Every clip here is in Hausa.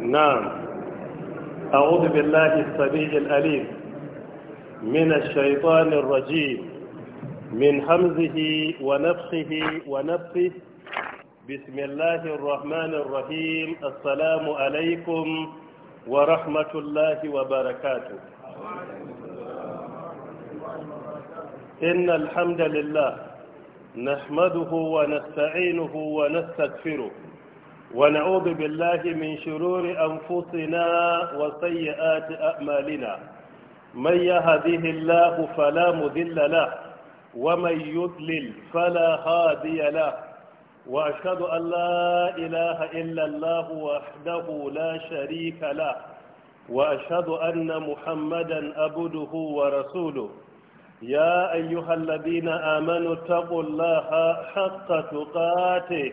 نعم أعوذ بالله السميع الأليم من الشيطان الرجيم من حمزه ونفخه ونفخه بسم الله الرحمن الرحيم السلام عليكم ورحمة الله وبركاته إن الحمد لله نحمده ونستعينه ونستغفره ونعوذ بالله من شرور أنفسنا وسيئات أعمالنا من يهديه الله فلا مذل له ومن يضلل فلا هادي له وأشهد أن لا إله إلا الله وحده لا شريك له وأشهد أن محمدا أبده ورسوله يا أيها الذين آمنوا اتقوا الله حق تقاته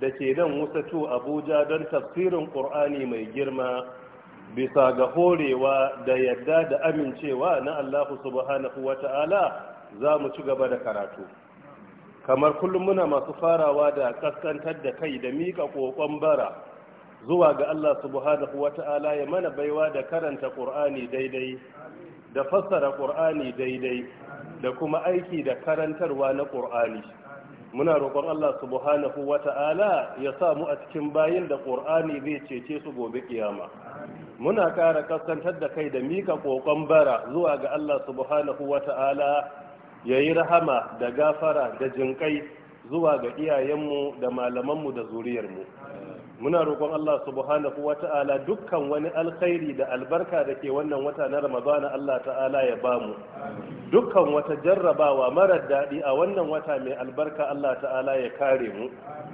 da ke nan wusatu abuja don tafsirin ƙur'ani mai girma bisa ga horewa da yadda da amincewa na allahu subhanahu wa ta'ala za mu ci gaba da karatu kamar kullum muna masu farawa da kaskantar da kai da miƙa ƙoƙon bara zuwa ga allah subhanahu wa ta'ala ya mana baiwa da karanta ƙur'ani daidai da fassara ƙur'ani daidai da kuma aiki da karantarwa na ƙur'ani muna roƙon Allah subhanahu wata'ala ya sa mu a cikin bayin da ƙur'ani zai cece su gobe kiyama muna ƙara kaskantar da kai da mika ƙoƙon bara zuwa ga Allah subhanahu wata'ala ya yi rahama da gafara da jinƙai zuwa ga iyayenmu da malamanmu da zuriyarmu muna roƙon Allah subhanahu wa ta'ala dukkan wani alkhairi da albarka da ke wannan wata na Ramadana Allah ta'ala ya bamu dukkan wata jarrabawa mara daɗi a wannan wata mai albarka Allah ta'ala ya kare mu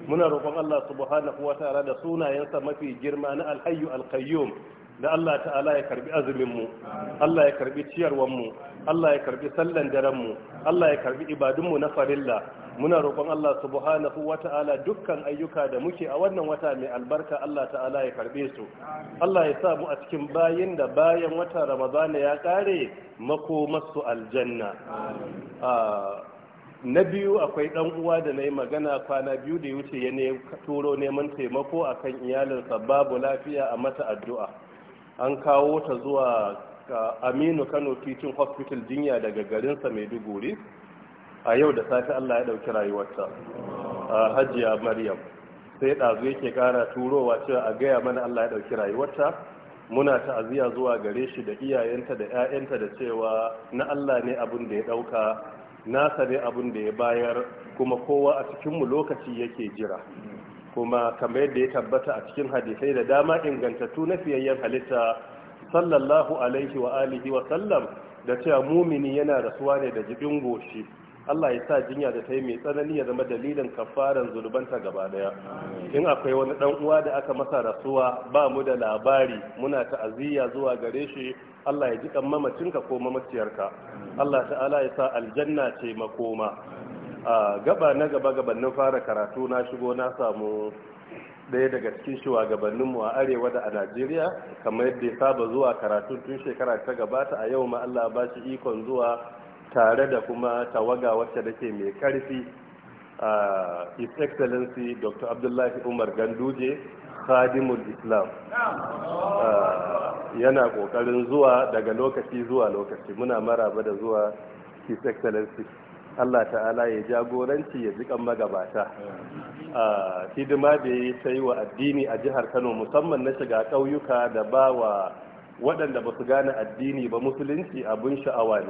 muna roƙon Allah subhanahu wa ta'ala da sunayensa mafi girma na alhayyu alkayyum da Allah ta'ala ya karbi azuminmu Allah ya karbi ciyarwanmu Allah ya karbi sallan darenmu Allah ya karbi ibadunmu na farilla muna roƙon Allah subhanahu wata'ala dukkan ayyuka da muke a wannan wata mai albarka Allah ta'ala ya karbe su Allah ya sa mu a cikin bayin da bayan wata Ramadana ya kare makomarsu aljanna na biyu akwai dan uwa da na yi magana kwana biyu da ya wuce ya turo neman taimako akan iyalinsa babu lafiya a mata addu'a an kawo ta zuwa aminu kano teaching hospital jinya daga garinsa maiduguri a yau da safe allah ya ɗauki rayuwarta a hajiya maryam sai ɗazu yake ƙara turowa cewa a gaya mana allah ya ɗauki rayuwarta muna ta'aziyya zuwa gare shi da iyayenta da 'ya'yanta da cewa na allah ne abin da ya ɗauka nasa ne abin da ya bayar kuma kowa a cikinmu lokaci yake jira kuma kamar yadda ya tabbata a cikin hadisai da dama ingantattu na fiyayyen halitta sallallahu alaihi wa alihi wa sallam da cewa mumini yana rasuwa ne da jibin goshi Allah ya sa jinya da ta yi mai tsanani ya zama dalilin kafaran zulubanta gaba daya in akwai wani dan uwa da aka masa rasuwa ba mu da labari muna ta'aziyya zuwa gare shi Allah ya ji kan mamacinka ko mamaciyarka Allah ta'ala ya sa aljanna ce makoma a gaba na gaba gabanin fara karatu na shigo na samu ɗaya daga cikin shugabanninmu a arewa da a najeriya kamar yadda ya saba zuwa karatu tun shekara ta gabata a yau ma allah ba shi ikon zuwa tare da kuma tawaga wacce da ke mai karfi a his excellency dr abdullahi umar ganduje khadimul islam yana kokarin zuwa daga lokaci zuwa lokaci muna maraba da zuwa his excellency Allah ta'ala ya jagoranci ya jikan magabata a hidima da ya ta yi wa addini a jihar Kano musamman na shiga ƙauyuka da ba wa waɗanda ba su gane addini ba musulunci abin sha'awa ne